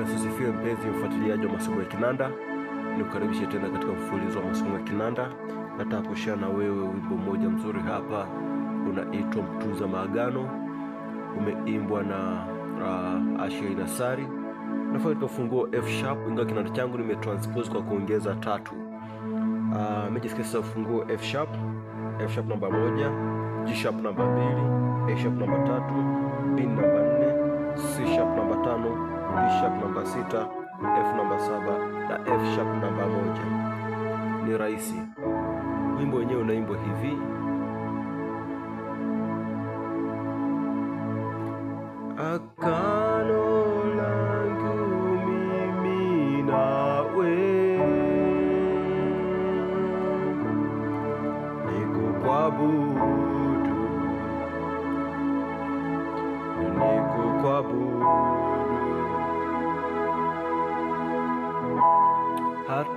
Bwana sisifiwe, mpenzi mfuatiliaji wa masomo ya kinanda, nikukaribishe tena katika mfululizo wa masomo ya kinanda. Nataka kushare na wewe wimbo mmoja mzuri hapa, unaitwa Mtunza Maagano, umeimbwa na uh, Asha Inasari. Nafaa katika F sharp, ingawa kinanda changu nimetranspose kwa kuongeza tatu. Uh, mejisikia sasa ufunguo F sharp, F sharp namba moja, G sharp namba mbili, A sharp namba tatu, B namba nne, C sharp namba tano sharp namba sita, F namba saba na F sharp namba moja. Ni rahisi. Wimbo wenyewe unaimbwa hivi.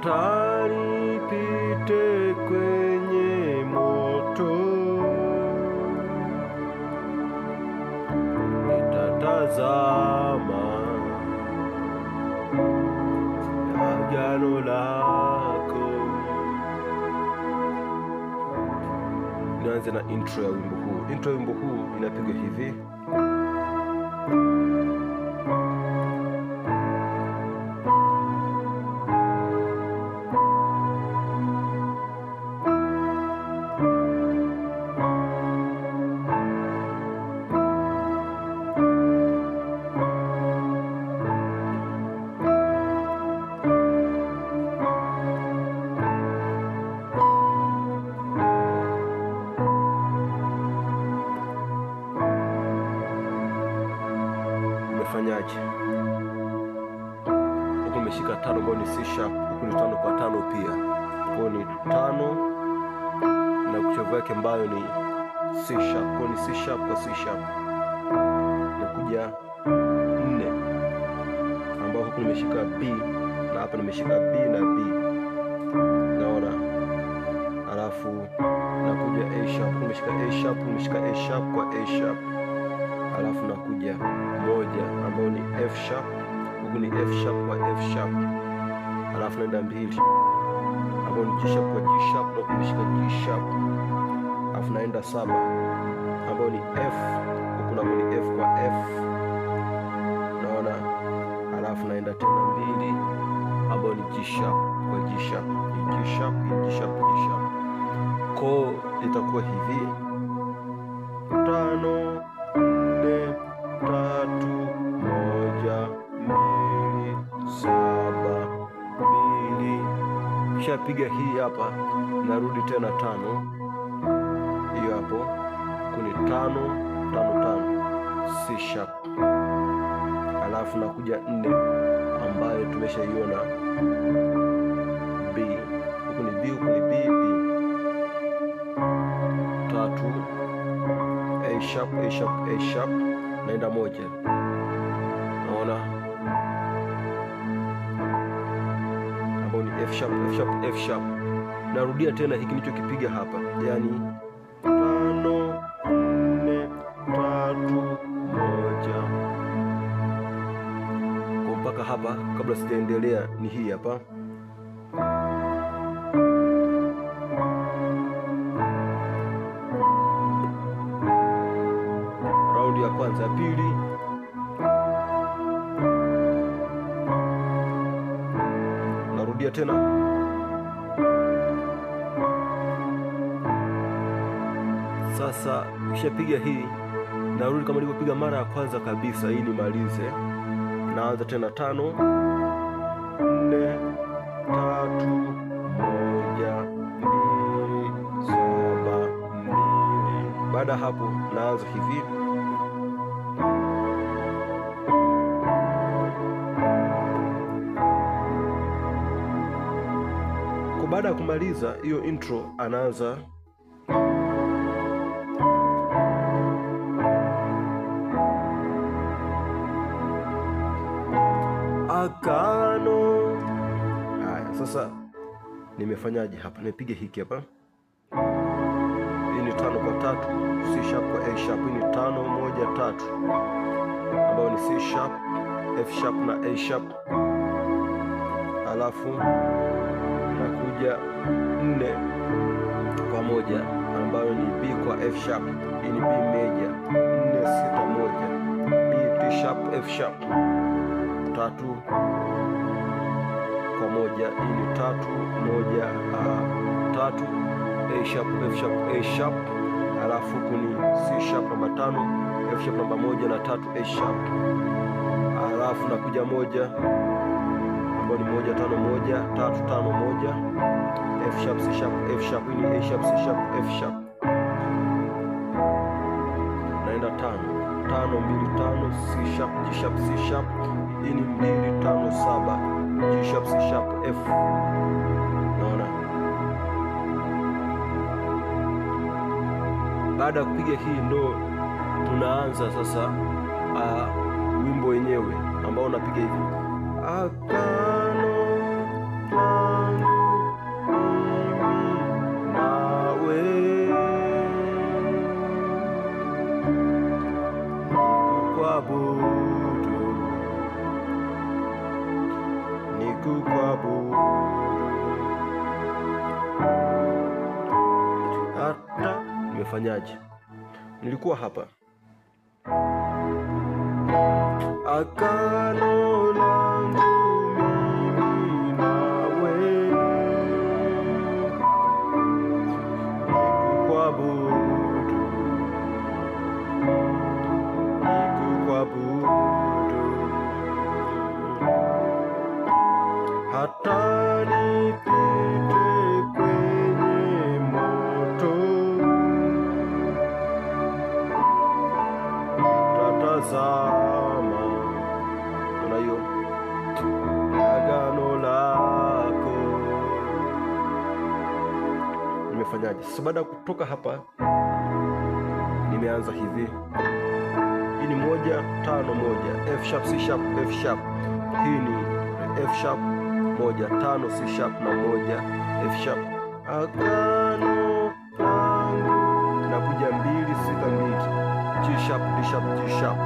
hatari pite kwenye moto, nitatazama agano lako. Nianze na intro ya wimbo huu. Intro ya wimbo huu inapigwa hivi. huku umeshika tano ambayo ni C sharp, huku ni tano kwa tano pia, kwa ni tano na kuchovu yake ambayo ni C sharp, kwa ni C sharp kwa C sharp. kuja nne ambayo huku nimeshika B na hapa nimeshika B na B, naona alafu nakuja A sharp, nimeshika A sharp, nimeshika A sharp kwa A sharp, alafu nakuja moja ambayo ni F sharp yangu ni F sharp kwa F sharp, alafu naenda mbili hapo ni G sharp kwa G sharp, na kumshika G sharp, alafu naenda saba ambayo ni F huku, nako ni F kwa F, naona, alafu naenda tena mbili ambayo ni G sharp kwa G sharp, G sharp, G sharp, G sharp, ko itakuwa hivi nikishapiga hii hapa narudi tena tano, hiyo hapo kuni tano tano tano C sharp, alafu nakuja nne ambayo tumeshaiona B, huku ni B, huku ni B, B tatu A sharp, A sharp, A sharp naenda moja, naona F sharp, F sharp, F sharp. Narudia tena hiki kipiga hapa, yani tano nne tatu moja. Kwa mpaka hapa, kabla sijaendelea, ni hii hapa. tena sasa ukishapiga hii narudi kama nilivyopiga mara ya kwanza kabisa hii nimalize naanza tena tano nne tatu moja baada hapo naanza hivi baada ya kumaliza hiyo intro anaanza akano. Haya, sasa nimefanyaje hapa? Nipige hiki hapa, hii ni tano kwa tatu, C sharp kwa A sharp. Hii ni tano moja tatu, ambayo ni C sharp, F sharp na A sharp, alafu moja nne kwa moja ambayo ni B kwa F sharp. Hii ni B major nne sita moja B D sharp F sharp tatu kwa moja. Hii ni tatu moja a, tatu A sharp F sharp A sharp, alafu huku ni C sharp namba tano F sharp namba moja na tatu A sharp, alafu nakuja moja ambayo ni moja tano moja tatu tano moja F sharp C sharp F sharp hii ni A sharp C sharp F sharp, naenda tano tano mbili tano C sharp G sharp C sharp ini mbili tano saba G sharp C sharp F naona Baada ya kupiga hii ndo tunaanza sasa uh, wimbo wenyewe ambao unapiga hivi aka ah, nitafanyaje? Nilikuwa hapa Akanona namna hiyo. Agano lako nimefanyaje? Sasa baada ya kutoka hapa, nimeanza hivi, hii ni moja tano moja, F sharp C sharp F sharp. Hii ni F sharp moja tano C sharp na moja F sharp. Agano nakuja mbili sita mbili, G sharp D sharp G sharp,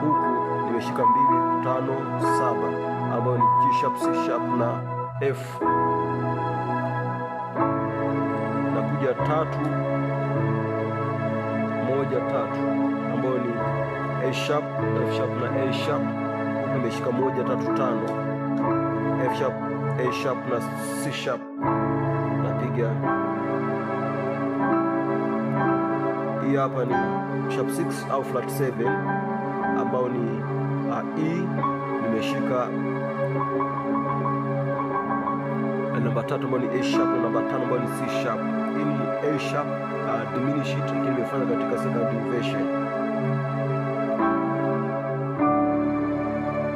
huku nimeshika mbili tano saba ambayo ni G sharp, C sharp na F. Nakuja tatu moja tatu ambayo ni A sharp, F sharp na A sharp, nimeshika moja tatu tano, F sharp, A sharp na C sharp, napiga hii hapa ni sharp 6 au flat 7 ambao ni E nimeshika namba tatu ambayo ni A sharp, na namba tano ambayo ni C sharp. Hii ni A sharp uh, diminished lakini nimefanya katika second inversion.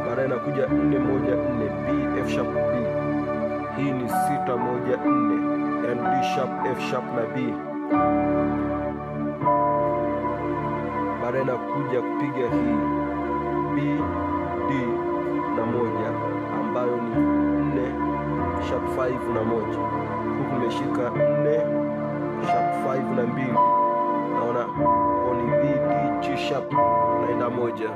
Baadaye inakuja nne moja nne B F sharp B. Hii ni sita moja nne yani B sharp F sharp na B. Baadaye inakuja kupiga hii D na moja ambayo ni nne sharp 5 na moja. Huku nimeshika nne sharp 5 na mbili, naona hapo ni B, D, G sharp naenda moja.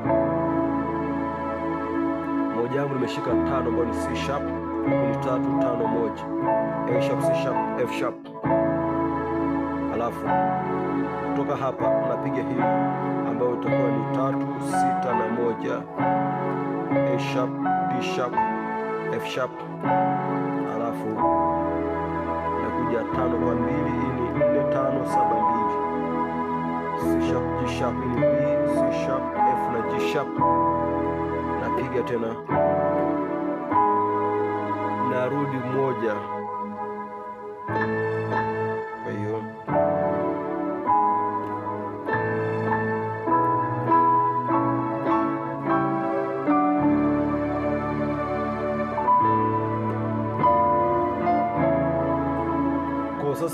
Moja yangu nimeshika tano ambayo ni C sharp, huku ni tatu tano moja, A sharp, C sharp, F sharp. Alafu kutoka hapa napiga hivi ambao utakuwa ni tatu sita na moja A sharp, D sharp, F sharp, alafu nakuja tano kwa mbili, hii ni nne tano saba mbili, C sharp, G sharp, ni B, C sharp, F na G sharp. Napiga tena, narudi moja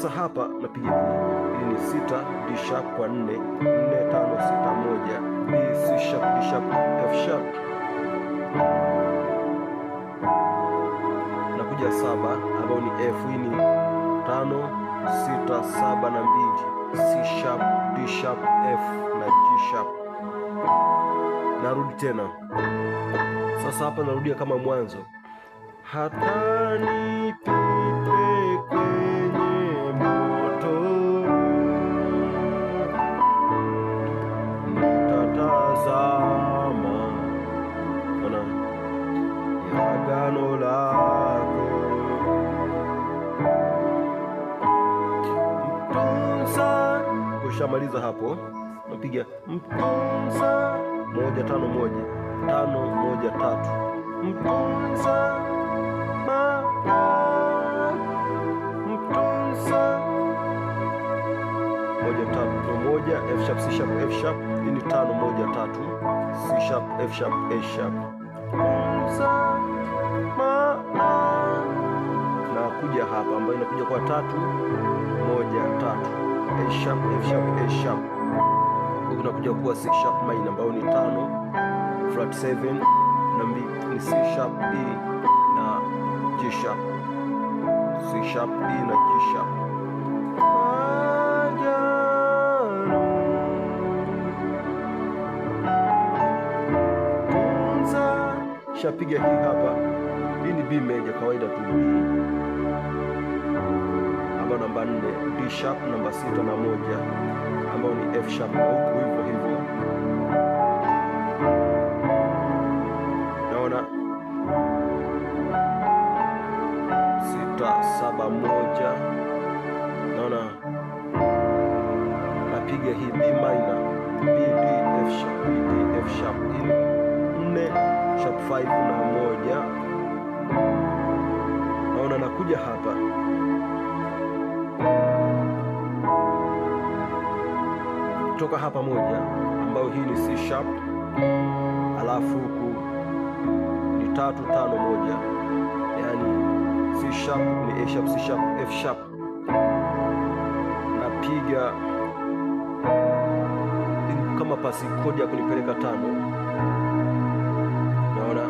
Sasa hapa napiga B ni sita D sharp kwa nne nne tano sita moja B C sharp D sharp F sharp nakuja saba ambayo ni F. Hii ni tano sita saba na mbili C sharp D sharp F na G sharp. Narudi tena sasa, hapa narudia kama mwanzo hatani pipekwe Ukishamaliza hapo napiga mtunza moja tano moja tano moja tatu mtunza mtunza moja tatu moja F sharp C sharp F sharp ini tano moja tatu C sharp F sharp A sharp mtunza na kuja hapa ambayo inakuja kwa tatu moja tatu A sharp, F sharp, A sharp. Huku tunakuja kuwa C sharp minor ambayo ni tano flat 7 na mbili ni C sharp E na G sharp. C sharp E na G sharp. Shapiga hii hapa, hii ni B meja kawaida tu wimbo namba 4 D sharp namba sita na moja ambao ni F sharp huku hivyo hivyo, naona sita saba moja kutoka hapa moja, ambayo hii ni C sharp, alafu huku ni tatu tano moja, yani C sharp ni A sharp, C sharp, F sharp, napiga kama pasi kodi ya kunipeleka tano. Naona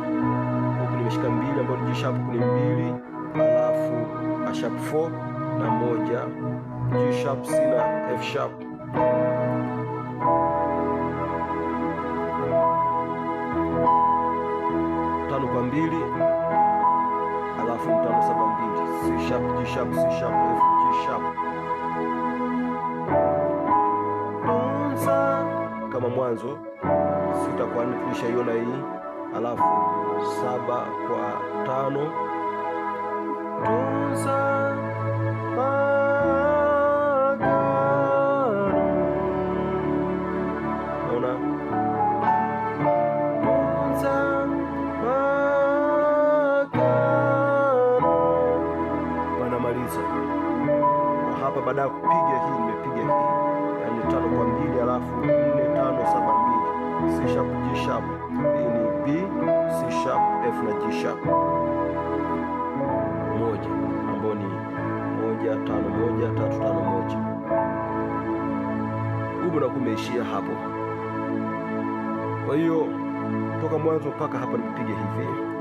huku nimeshika mbili, ambayo ni G sharp, kuni mbili, alafu A sharp 4 na moja, G sharp, C na F sharp. mbili, alafu mtano saba mbili, C sharp, G sharp, C sharp, F, G sharp. Kama mwanzo sita kwa nne tulishaiona hii, alafu saba kwa tano Tunza. baada ya kupiga hii nimepiga hii yani tano kwa mbili, alafu nne tano saba mbili, C sharp G sharp. Hii ni B C sharp F na G sharp moja, ambayo ni moja tano moja tatu tano moja. Wimbo na kumeishia hapo. Kwa hiyo toka mwanzo mpaka hapa nimepiga hivi.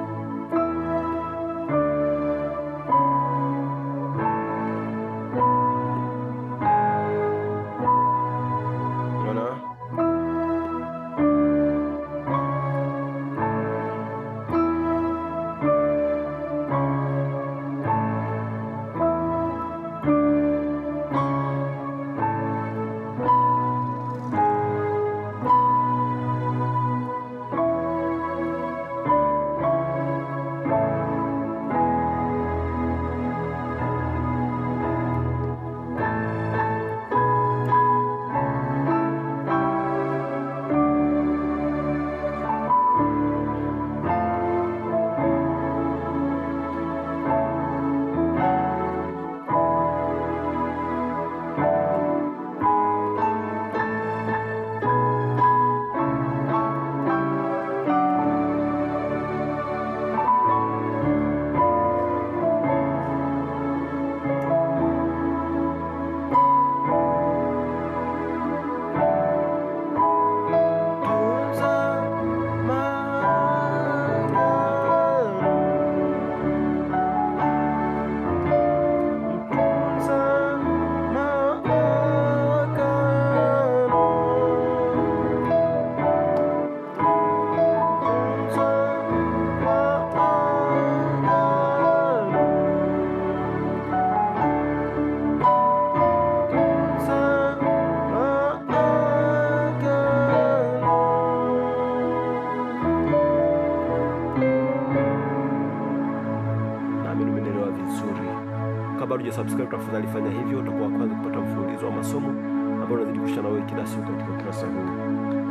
tafadhali fanya hivyo, utakuwa kwanza kupata mfululizo wa masomo ambayo unazidi kushana wewe kila siku katika ukurasa huu.